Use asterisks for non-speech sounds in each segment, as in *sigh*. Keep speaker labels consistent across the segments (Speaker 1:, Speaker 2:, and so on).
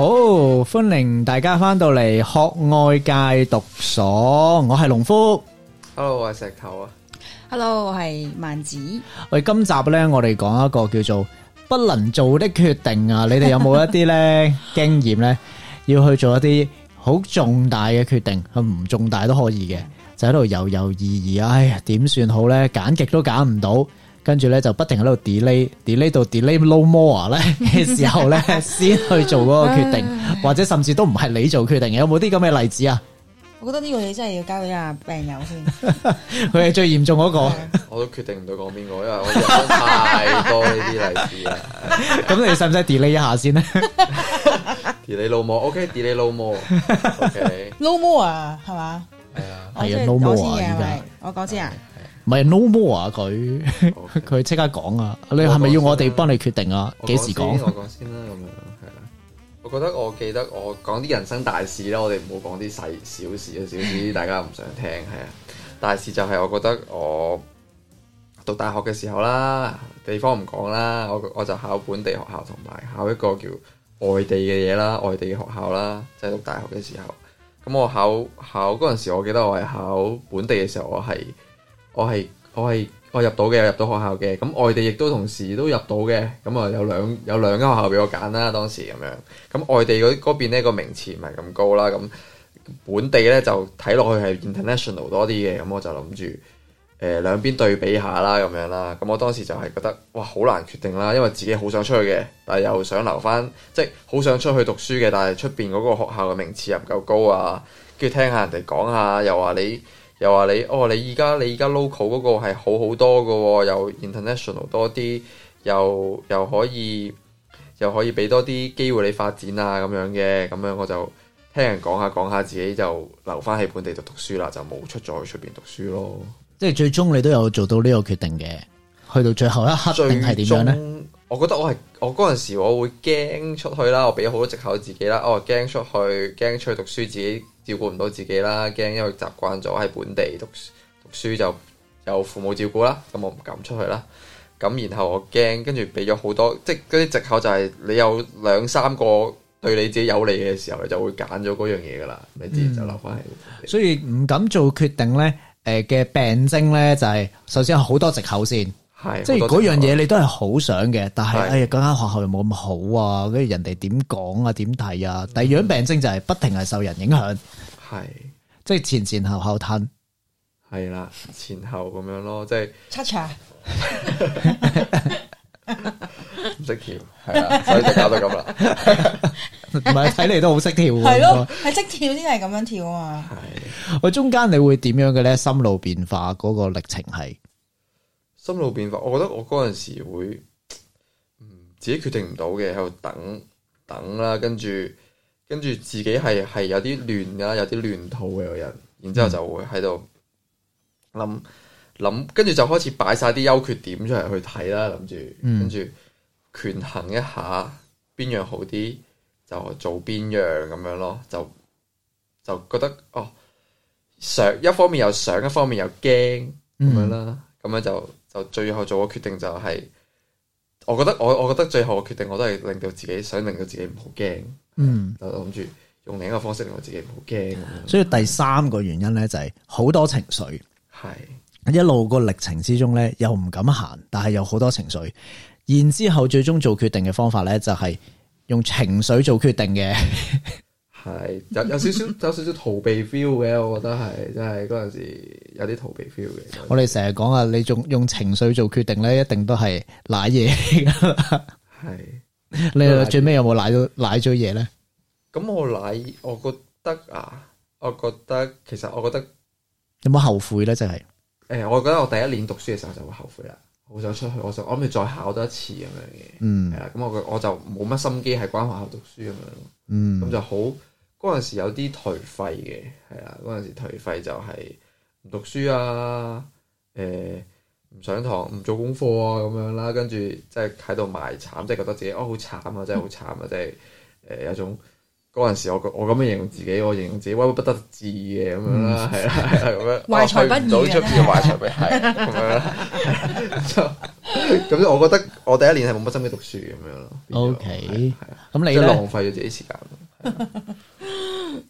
Speaker 1: 好，歡迎大家翻到嚟學愛戒毒所，我係農夫。
Speaker 2: Hello，我係石頭啊。
Speaker 3: Hello，我係萬子。
Speaker 1: 喂，今集呢，我哋講一個叫做不能做的決定啊。你哋有冇一啲呢經驗呢，要去做一啲好重大嘅決定，唔重大都可以嘅，就喺度猶猶豫豫，哎呀，點算好呢？揀極都揀唔到。跟住咧就不停喺度 delay，delay 到 delay no more 咧嘅時候咧，先去做嗰個決定，或者甚至都唔係你做決定嘅，有冇啲咁嘅例子啊？
Speaker 3: 我覺得呢個你真係要交俾阿病友先，
Speaker 1: 佢係最嚴重嗰個，我都
Speaker 2: 決定唔到講邊個，因為我有太多呢啲例子啦。
Speaker 1: 咁你使唔使 delay 一下先咧
Speaker 2: ？delay no more，OK，delay no
Speaker 1: more，OK，no
Speaker 3: more 啊，係嘛？
Speaker 1: 係啊，係啊，no more
Speaker 3: 啊，我講先啊。
Speaker 1: 唔係 no more 啊！佢佢即刻講啊！你係咪要我哋幫你決定啊？幾時講？我講
Speaker 2: 先啦，咁樣係啦。我覺得我記得我講啲人生大事啦，我哋唔好講啲細小事啊，小事大家唔想聽，係啊。大事就係我覺得我讀大學嘅時候啦，地方唔講啦，我我就考本地學校同埋考一個叫外地嘅嘢啦，外地嘅學校啦，即係讀大學嘅時候。咁我考考嗰陣時，我記得我係考本地嘅時候，我係。我係我係我入到嘅，入到學校嘅。咁外地亦都同時都入到嘅。咁啊有兩有兩間學校俾我揀啦，當時咁樣。咁外地嗰嗰邊呢個名次唔係咁高啦。咁本地呢就睇落去係 international 多啲嘅。咁我就諗住誒兩邊對比下啦，咁樣啦。咁我當時就係覺得哇好難決定啦，因為自己好想出去嘅，但係又想留返，即係好想出去讀書嘅，但係出邊嗰個學校嘅名次又唔夠高啊。跟住聽下人哋講下，又話你。又話你，哦，你而家你而家 local 嗰個係好好多噶，又 international 多啲，又又可以，又可以俾多啲機會你發展啊，咁樣嘅，咁樣我就聽人講下講下，自己就留翻喺本地度讀書啦，就冇出咗去出邊讀書咯。
Speaker 1: 即係最終你都有做到呢個決定嘅，去到最後一刻，最終定係點樣呢？
Speaker 2: 我覺得我係我嗰陣時，我，時我會驚出去啦，我俾咗好多藉口自己啦。我驚出去，驚出去讀書，自己照顧唔到自己啦。驚因為習慣咗喺本地讀書，讀書就有父母照顧啦，咁我唔敢出去啦。咁然後我驚，跟住俾咗好多，即係嗰啲藉口就係你有兩三個對你自己有利嘅時候，你就會揀咗嗰樣嘢㗎喇，嗯、你自然就留返
Speaker 1: 喺。所以唔敢做決定呢誒嘅、呃、病徵呢，就係、是、首先有好多藉口先。係，即係嗰樣嘢你都係好想嘅，但係是哎呀，嗰間學校又冇咁好啊，跟住人哋點講啊，點睇啊，第二樣病症就係不停係受人影響，係是，即係前前後後吞，係啦，前後咁樣咯，即係，cha cha，唔識跳，係啊，所以就搞
Speaker 2: 到咁啦，唔係，睇嚟都好識跳，
Speaker 1: 係咯的，
Speaker 3: 係識說跳先係咁樣跳啊，
Speaker 2: 係
Speaker 1: 的，我中間你會點樣嘅咧？心路變化嗰個歷程係。
Speaker 2: 心路變化，我覺得我嗰陣時會，自己決定唔到嘅，喺度等等啦，跟住跟住自己係係有啲亂啦，有啲亂套嘅個人，然之後就會喺度諗諗，跟住就開始擺晒啲優缺點出嚟去睇啦，諗住跟住權衡一下邊樣好啲，就做邊樣咁樣咯，就就覺得哦，想一方面又想，一方面又驚咁樣啦，咁樣就。就最後做個決定就係、是，我覺得我我覺得最後個決定我都係令到自己想令到自己唔好驚，嗯，就諗住用另一個方式令我自己唔好驚。所以
Speaker 1: 第三個原因咧就係、是、好多情緒，係是一路個歷程之中咧又唔敢行，但係有好多情緒，然之後最終做決定嘅方法咧就係、是、用情緒做決定嘅。 *laughs*
Speaker 2: 係有有少少有少少逃避 feel 嘅，我覺得係真係嗰陣時有啲逃避 feel 嘅。我哋
Speaker 1: 成日講啊，你仲用情緒做決定咧，一定都係瀨嘢。係你最尾有冇瀨到瀨咗嘢咧？
Speaker 2: 咁我瀨，我覺得啊，我覺得其實我覺得
Speaker 1: 有冇後悔咧？真係
Speaker 2: 誒，我覺得我第一年讀書嘅時候就會後悔啦。好想出去，我想我諗住再考多一次
Speaker 1: 咁
Speaker 2: 樣嘅。嗯，係啦，咁我我就冇乜心機系關學校讀書咁樣咯。嗯，咁就好。嗰陣時有啲頹廢嘅，係啦，嗰陣時頹廢就係唔讀書啊，誒、欸，唔上堂，唔做功課啊，咁樣啦，跟住即係喺度賣慘，即係覺得自己哦好慘啊，真係好慘啊，即係誒有種，嗰陣時我我咁樣形容自己，我形容自己鬱鬱不得志嘅咁樣啦，係啦係啦，咁樣懷才不遇嘅，早出邊懷才係咁樣，咁樣我覺得我第一年係冇乜心機讀書咁樣咯。OK，係啊，
Speaker 1: 咁你咧？即係浪
Speaker 2: 費咗自己時間。 *laughs*
Speaker 3: *laughs*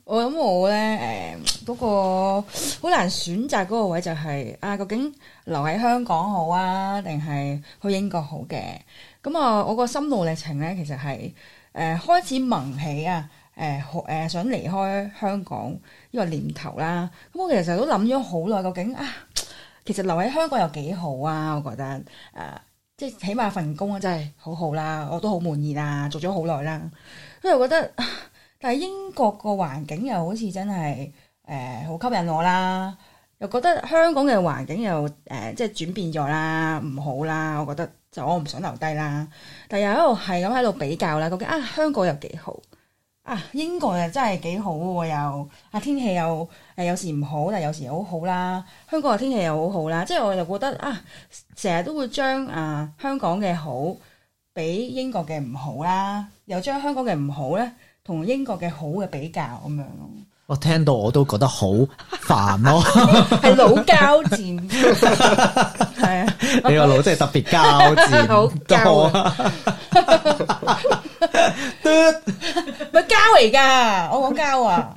Speaker 3: 我諗我咧，誒，嗰個好難選擇嗰個位就係、是、啊，究竟留喺香港好啊，定係去英國好嘅？咁啊，我個心路歷程咧，其實係誒、呃、開始萌起啊，誒，誒，想離開香港呢個念頭啦。咁我其實都諗咗好耐，究竟啊，其實留喺香港有幾好啊？我覺得誒、啊，即係起碼份工真係好好啦，我都好滿意啦，做咗好耐啦，因為我覺得。但係英國個環境又好似真係誒好吸引我啦，又覺得香港嘅環境又誒、呃、即係轉變咗啦，唔好啦，我覺得就我唔想留低啦。但又喺度係咁喺度比較啦，究竟啊香港又幾好？啊英國又真係幾好喎，又啊天氣又係有時唔好，但有時又好好啦。香港嘅天氣又好好啦，即係我又覺得啊，成日都會將啊香港嘅好比英國嘅唔好啦，又將香港嘅唔好咧。同英國嘅好嘅比較咁樣咯，
Speaker 1: 我聽到我都覺得好煩咯，係
Speaker 3: *laughs* 老交戰，係 *laughs* 啊，你個腦
Speaker 1: 真係特別交戰，好交
Speaker 3: 啊，唔係交嚟噶，我講交
Speaker 1: 啊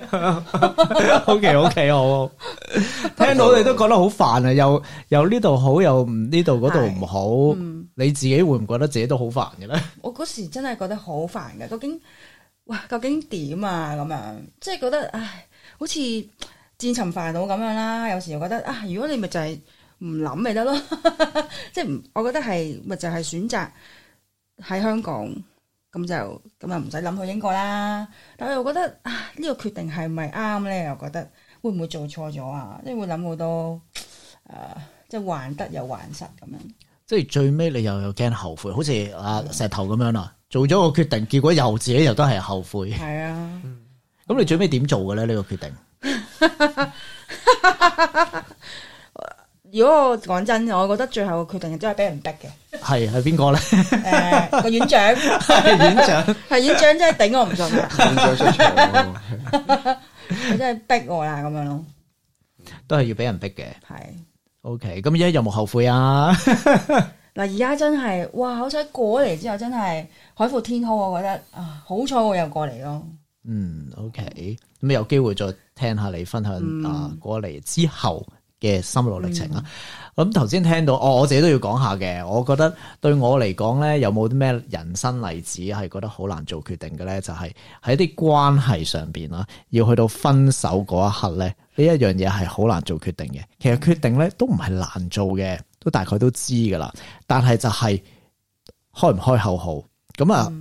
Speaker 1: ，OK OK，好，好 *laughs* 聽到你都覺得好煩啊，又又呢度好，又呢度嗰度唔好，嗯、你自己會唔覺得自己都好煩嘅咧？
Speaker 3: 我嗰時真係覺得好煩嘅，究竟。哇，究竟點啊？咁樣即係覺得，唉，好似戰尋煩惱咁樣啦。有時又覺得啊，如果你咪就係唔諗咪得咯， *laughs* 即係我覺得係咪就係、是、選擇喺香港咁就咁就唔使諗去英國啦。但係、這個、我又覺得啊，呢個決定係咪啱咧？又覺得會唔會做錯咗啊？即係會諗好多，誒、呃，即係患得又患失咁樣。
Speaker 1: 即係最尾你又又驚後悔，好似啊石頭咁樣啦。嗯做咗個決定，結果又自己又都係後悔。係啊，咁你最尾點做嘅咧？呢、這個決定，
Speaker 3: *laughs* 如果我講真，我覺得最後個決定都係俾人逼嘅。
Speaker 1: 係？係邊個咧？誒，
Speaker 3: 個、 *laughs* 呃、院長， *laughs* *laughs* 院長係 *laughs* 院長 *laughs* *laughs* 真係頂我唔順，院長
Speaker 1: 出
Speaker 3: 場，真係逼我啦，
Speaker 1: 咁樣咯，都係要俾人逼嘅。係是，OK，咁而家有冇後悔啊？ *laughs*
Speaker 3: 嗱，而家真係，哇！好彩過嚟之後真係海闊天空，我覺得啊，好彩我又過嚟咯。嗯
Speaker 1: ，OK，咁啊有機會再聽下你分享、嗯、啊過嚟之後嘅心路歷程啦。咁頭先聽到，我、哦、我自己都要講下嘅，我覺得對我嚟講咧，有冇啲咩人生例子係覺得好難做決定嘅咧？就係喺啲關係上邊啦，要去到分手嗰一刻咧，呢一樣嘢係好難做決定嘅。其實決定咧都唔係難做嘅。都大概都知噶啦，但係就係開唔開口好。咁啊，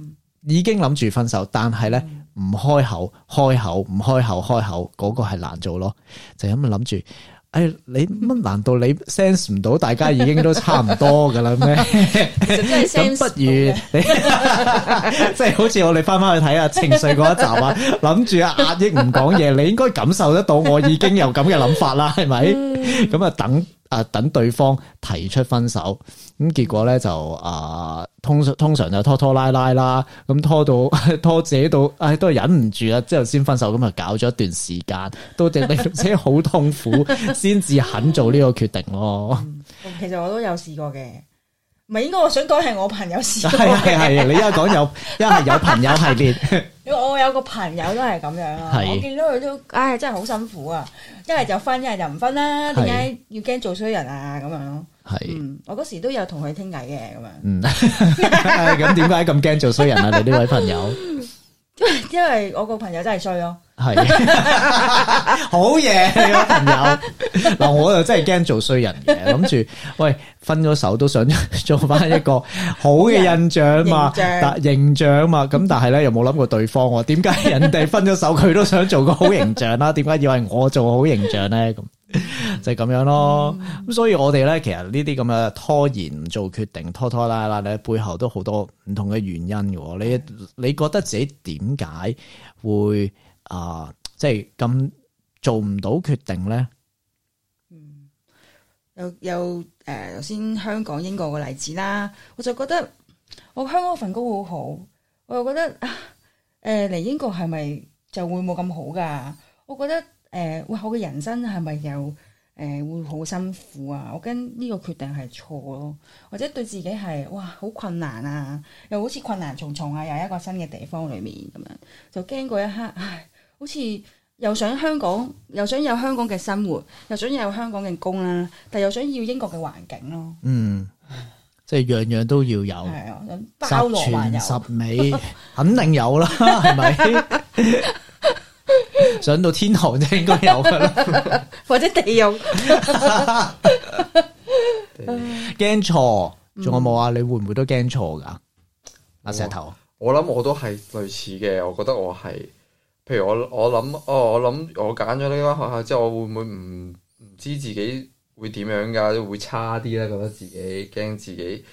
Speaker 1: 已經諗住分手，但係咧唔開口，開口唔開口，開口嗰、嗰個係難做咯。就咁諗住，誒、哎，你乜？難道你 sense 唔到大家已經都差唔多噶啦咩？咁 *laughs* *laughs* 不如你，Okay. *laughs* *laughs* 即係好似我哋翻翻去睇下情緒嗰一集啊，諗住壓抑唔講嘢，你應該感受得到我已經有咁嘅諗法啦，係咪？咁啊等。啊！等對方提出分手，咁、嗯、結果呢就啊，通常通常就拖拖拉拉啦，咁拖到拖至到，唉、哎，都係忍唔住啦，之後先分手，咁啊搞咗一段時間，都真係好痛苦，先至肯做呢個決定咯、
Speaker 3: 嗯。其實我都有試過嘅。唔係，應該我想講係我朋友事。係係係，你一
Speaker 1: 講有，因為有朋友系列。
Speaker 3: 我有個朋友都係咁樣啊，我見到佢都，唉，真係好辛苦啊！一係就分，一係就唔分啦。點解要驚做衰人啊？咁樣咯。係，我嗰時都有同佢傾偈嘅咁
Speaker 1: 樣。咁點解咁驚做衰人啊？你呢位朋友？
Speaker 3: 因為我個朋友真係衰咯，
Speaker 1: 係好嘢個朋友嗱，我又真係驚做衰人嘅，諗住喂分咗手都想做翻一個好嘅印象嘛 *laughs* 形象但，形象嘛，咁但係咧又冇諗過對方，喎點解人哋分咗手佢都想做個好形象啦？點解要係我做個好形象咧？咁。 *laughs* 就係咁樣咯，咁、嗯、所以我哋咧，其實呢啲咁嘅拖延唔做決定，拖拖拉拉咧，背後都好多唔同嘅原因嘅。嗯、你你覺得自己點解會啊、呃，即係咁做唔到決定咧？嗯，
Speaker 3: 有有誒，頭先香港英國嘅例子啦，我就覺得我香港份工好好，我又覺得誒嚟、呃、英國係咪就會冇咁好噶？我覺得。誒、呃，哇！我嘅人生係咪又誒、呃、會好辛苦啊？我驚呢個決定係錯咯，或者對自己係哇好困難啊，又好似困難重重啊！又一個新嘅地方裏面咁樣，就驚過一刻，唉，好似又想香港，又想有香港嘅生活，又想有香港嘅工啦、啊，但又想要英國嘅環境咯、啊。
Speaker 1: 嗯，即係樣樣都要有，係
Speaker 3: 啊， *laughs* 包羅萬有，十全十
Speaker 1: 美，肯定有啦，係咪？上到天堂就應該有噶
Speaker 3: 啦，或者地獄
Speaker 1: 驚錯仲有冇啊？嗯、你會唔會都驚錯噶？拿、哦、石頭，我諗我都係
Speaker 2: 類似嘅。我覺得我係，譬如我我諗，哦，我諗我揀咗呢間學校之後，我會唔會唔唔知自己會點樣噶？會差啲咧？覺得自己驚自己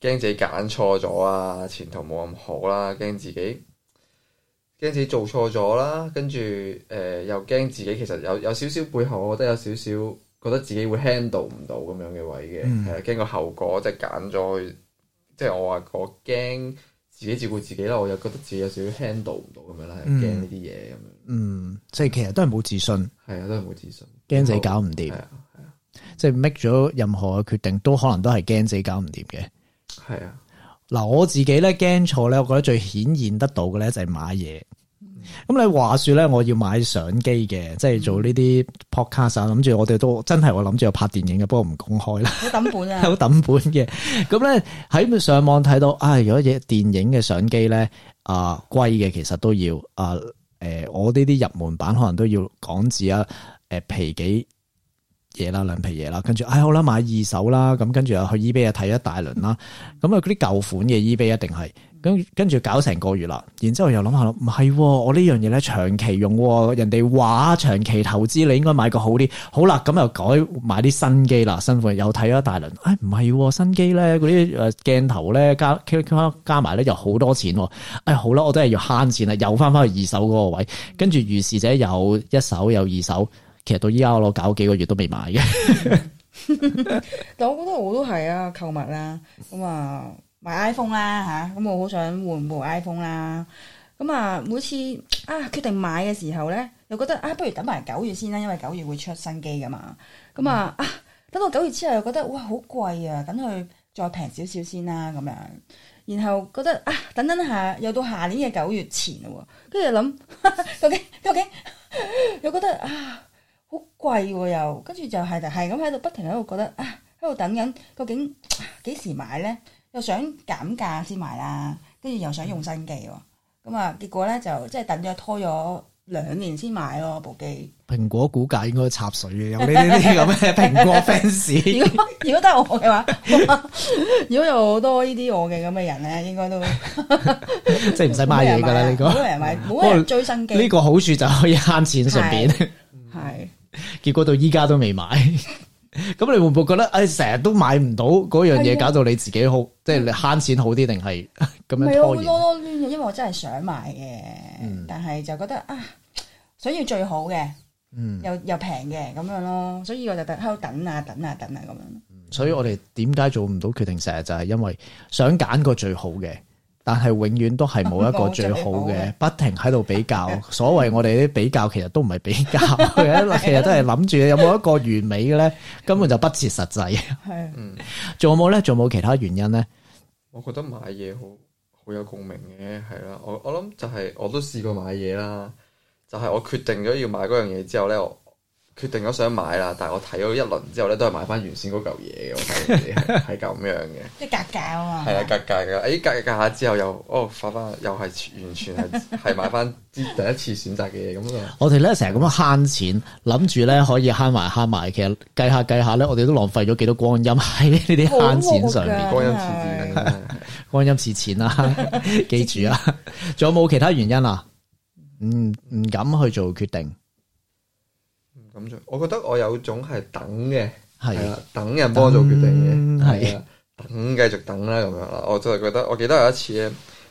Speaker 2: 驚自己揀錯咗啊？前途冇咁好啦，驚自己。驚自己做錯咗啦，跟住誒又驚自己其實有有少少背後，我覺得有少少覺得自己會 handle 唔到咁樣嘅位嘅。係啊、嗯，驚個後果，即係揀咗，即係我話我驚自己照顧自己啦，我又覺得自己有少少 handle 唔到咁樣啦，驚呢啲嘢咁樣。
Speaker 1: 嗯，即係其實都係冇自信，係啊，都係冇自信，驚自己搞唔掂，係啊，係啊，即係 make 咗任何嘅決定都可能都係驚自己搞唔掂嘅，
Speaker 2: 係啊。
Speaker 1: 嗱，我自己咧驚錯咧，我覺得最顯現得到嘅，咧就係買嘢。咁你話說咧，我要買相機嘅，即係做呢啲 Podcast，諗住我哋都真係我諗住有拍電影嘅，不過唔公開啦。好抌本啊 *laughs* 本！好抌本嘅。咁咧喺上網睇到，唉、啊，如果嘢電影嘅相機咧，啊，貴嘅其實都要，啊，誒、呃，我呢啲入門版可能都要港紙啊，誒，皮幾。嘢啦，兩皮嘢啦，跟住唉好啦，買二手啦，咁跟住又去 eBay 啊睇一大輪啦，咁啊啲舊款嘅 eBay 一定係，跟跟住搞成個月啦，然之後又諗下唔係，我呢樣嘢咧長期用，人哋話長期投資，你應該買個好啲，好啦，咁又改買啲新機啦，新款又睇一大輪，唉唔係，新機咧嗰啲誒鏡頭咧加加埋咧又好多錢，唉好啦，我都係要慳錢啊，哎、錢又翻翻去二手嗰個位，跟住如是者有一手有二手。其實到依家我搞幾個月都未買嘅 *laughs* ，
Speaker 3: *laughs* 但我覺得我都係啊，購物啦，咁、嗯、啊買 iPhone 啦吓，咁我好想換部 iPhone 啦，咁啊、嗯換換嗯、每次啊決定買嘅時候咧，又覺得啊不如等埋九月先啦，因為九月會出新機噶嘛，咁、嗯嗯、啊啊等到九月之後又覺得哇好貴啊，等佢再平少少先啦咁樣、嗯，然後覺得啊等等下又到下年嘅九月前咯，跟住諗究竟究竟又覺得啊～ *laughs* 好貴喎又，跟住就係就係咁喺度不停喺度覺得啊，喺度等緊，究竟幾時買咧？又想減價先買啦，跟住又想用新機喎。咁啊，結果咧就即係等咗拖咗兩年先買咯部機。
Speaker 1: 蘋果股價應該插水嘅，有冇呢啲咁嘅蘋果 fans？如果
Speaker 3: 如果得係我嘅話，如果有好多呢啲我嘅咁嘅人咧，應該都即
Speaker 1: 係唔使買嘢噶啦你講。
Speaker 3: 冇人追新機，呢個好
Speaker 1: 處就可以慳錢順便係。結果到依家都未買， *laughs* 咁你會唔會覺得？哎，成日都買唔到嗰樣嘢，搞到是的 你自己好，即係你慳錢好啲，定係咁樣拖延？唔
Speaker 3: 係啊，因為我真係想買嘅，嗯、但係就覺得啊，想要最好嘅，嗯又，又又平嘅咁樣咯，所以我就喺度等啊等啊等啊咁樣。嗯、
Speaker 1: 所以我哋點解做唔到決定，成日就係、是、因為想揀個最好嘅。但係永遠都係冇一個最好嘅，不停喺度比較。 *laughs* 所謂我哋啲比較，其實都唔係比較嘅， *laughs* 其實都係諗住有冇一個完美嘅咧，根本就不切實際。係，嗯，仲有冇咧？仲有冇其他原因咧？
Speaker 2: 我覺得買嘢好好有共鳴嘅，係啦。我我諗就係我都試過買嘢啦，就係、是、我決定咗要買嗰樣嘢之後咧，我。決定咗想買啦，但係我睇咗一輪之後咧，都係買翻原先嗰嚿嘢嘅，係咁 *laughs*
Speaker 1: 樣嘅，
Speaker 3: 即係格價啊嘛。係啊，
Speaker 2: 格價嘅，誒，格價下之後又哦，發翻又係完全係係買翻第一次選擇嘅嘢咁
Speaker 1: 啊。 *laughs* 我哋咧成日咁樣慳錢，諗住咧可以慳埋慳埋，其實計下計下咧，我哋都浪費咗幾多光陰喺呢啲慳錢上面。 *laughs* 光陰似錢， *laughs* 光陰似錢啊，記住啊！仲有冇其他原因啊？唔、嗯、唔敢去做決定。
Speaker 2: 咁就，我覺得我有種係等嘅，係
Speaker 1: 啦、
Speaker 2: 啊，等人幫我做決定嘅，係啦，等繼續等啦咁樣啦。我就係覺得，我記得有一次咧，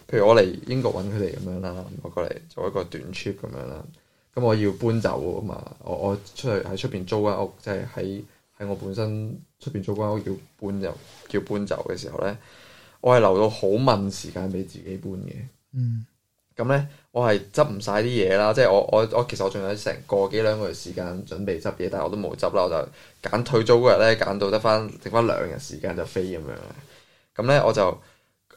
Speaker 2: 譬如我嚟英國揾佢哋咁樣啦，我過嚟做一個短 trip 咁樣啦。咁我要搬走啊嘛，我我出去喺出邊租間屋，即係喺喺我本身出邊租間屋叫搬入，叫搬走嘅時候咧，我係留到好問時間俾自己搬嘅。嗯。咁咧，我係執唔晒啲嘢啦，即係我我我其實我仲有成個幾兩個月時間準備執嘢，但係我都冇執啦，我就揀退租嗰日咧，揀到得翻，剩翻兩日時間就飛咁樣。咁咧，我就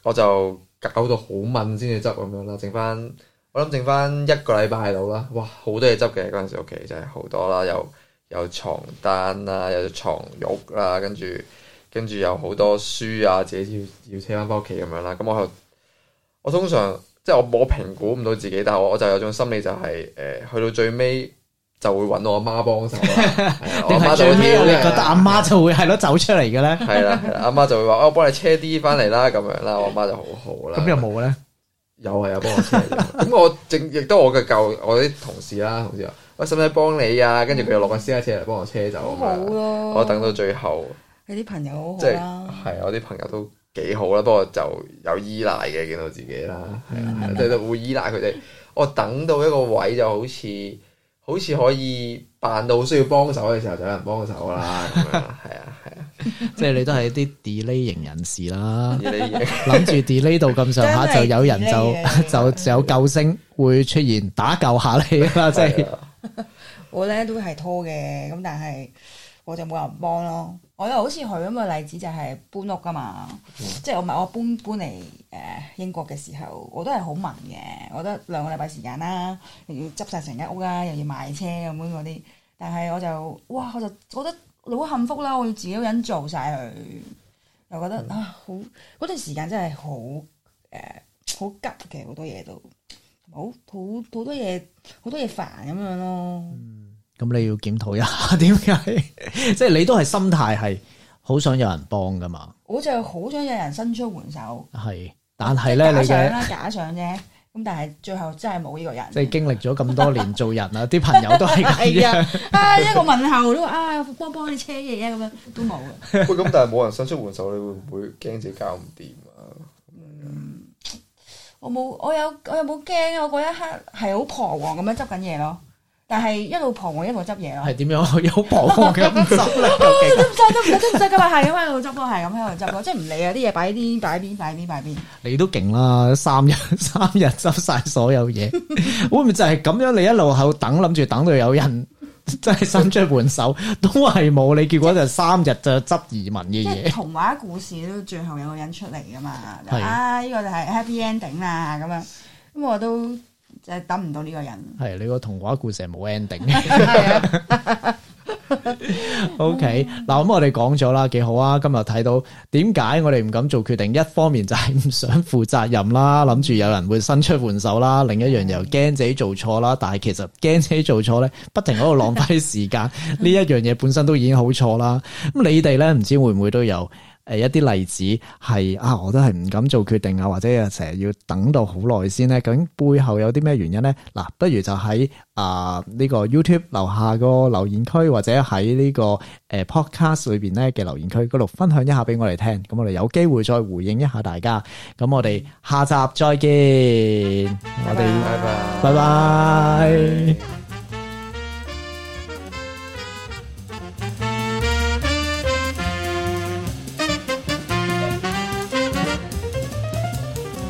Speaker 2: 我就搞到好掹先至執咁樣啦，剩翻我諗剩翻一個禮拜到啦。哇，好多嘢執嘅嗰陣時，屋企就係好多啦，有有床單啦，有床褥啦，跟住跟住有好多書啊，自己要要車翻翻屋企咁樣啦。咁我我通常。即係我冇評估唔到自己，但係我就有種心理就係誒，去到最尾就會揾我阿媽幫手，我
Speaker 1: 點係最尾？你覺得阿媽就會係咯走出嚟嘅咧？
Speaker 2: 係啦，阿媽就會話我幫你車啲翻嚟啦，咁樣啦。我阿媽就好好啦。咁又冇呢？有係啊，幫我車，咁我正亦都我嘅舊我啲同事啦，同事話喂，使唔使幫你啊？跟住佢又落架私家車嚟幫我車走。
Speaker 3: 好咯。我等到最後，佢啲朋友即
Speaker 2: 係係我啲朋友都。幾好啦，不過就有依賴嘅見到自己啦，
Speaker 1: 係啊係啊，即係
Speaker 2: 會依賴佢哋。我等到一個位就好似好似可以扮到需要幫手嘅時候，就有人幫手啦。係啊
Speaker 1: 係啊，即係你都係啲 delay 型人士啦，delay 型諗住 delay 到咁上下就有人就就就有救星會出現打救下你啦。即係
Speaker 3: 我咧都係拖嘅，咁但係我就冇人幫咯。我又好似佢咁嘅例子，就係搬屋噶嘛，嗯、即係我唔係我搬我搬嚟誒、呃、英國嘅時候，我都係好忙嘅，我得兩個禮拜時間啦，又要執晒成間屋啊，又要賣車咁樣嗰啲，但係我就哇，我就覺得好幸福啦，我要自己一個人做晒佢。又覺得啊、嗯、好，嗰段時間真係好誒、呃、好急嘅，好多嘢都好好好多嘢好多嘢煩咁樣咯。嗯
Speaker 1: 咁你要檢討一下，點解？即係你都係心態係好想有人幫噶嘛？
Speaker 3: 我就好想有人伸出援手。
Speaker 1: 係，但係咧，你嘅
Speaker 3: 假想啫。咁但係最後真係冇呢個人。即係
Speaker 1: 經歷咗咁多年做人啦，啲朋友都係咁樣。
Speaker 3: 係啊，一個問候都啊，幫幫你車嘢啊，咁樣都冇
Speaker 1: 嘅。喂，咁但係冇人伸出援手，你會唔
Speaker 2: 會驚自己搞唔掂啊？
Speaker 3: 我冇，我有，我有冇驚啊？我嗰一刻係好彷徨咁樣執緊嘢咯。但係一路蒲我一路執嘢啊！係
Speaker 1: 點樣？有蒲嘅，唔執，都唔執，都唔執
Speaker 3: 嘅嘛，係咁樣去執咯，係咁喺度執咯，即係唔理啊！啲嘢擺喺啲擺邊擺邊擺邊，
Speaker 1: 你都勁啦！三日，三日執晒所有嘢，會唔會就係咁樣？你一路喺度等，諗住等到有人真係伸出援手，都係冇你。結果就三日就執移民嘅嘢。
Speaker 3: 童話故事都最後有個人出嚟噶嘛？係啊，呢個就係 happy ending 啦。咁樣咁我都。就等唔
Speaker 1: 到呢個人，係你個童話故事係冇 ending 嘅。OK，嗱咁我哋講咗啦，幾好啊！今日睇到點解我哋唔敢做決定？一方面就係唔想負責任啦，諗住有人會伸出援手啦；另一樣又驚自己做錯啦。但係其實驚自己做錯咧，不停喺度浪費時間，呢 *laughs* 一樣嘢本身都已經好錯啦。咁你哋咧，唔知會唔會都有？誒，一啲例子係啊，我都係唔敢做決定啊，或者成日要等到好耐先呢。究竟背後有啲咩原因呢？嗱、啊，不如就喺啊呢個 YouTube 樓下個留言區，或者喺呢個誒 Podcast 裏邊咧嘅留言區嗰度分享一下俾我哋聽。咁我哋有機會再回應一下大家。咁我哋下集再見。我哋拜拜拜拜。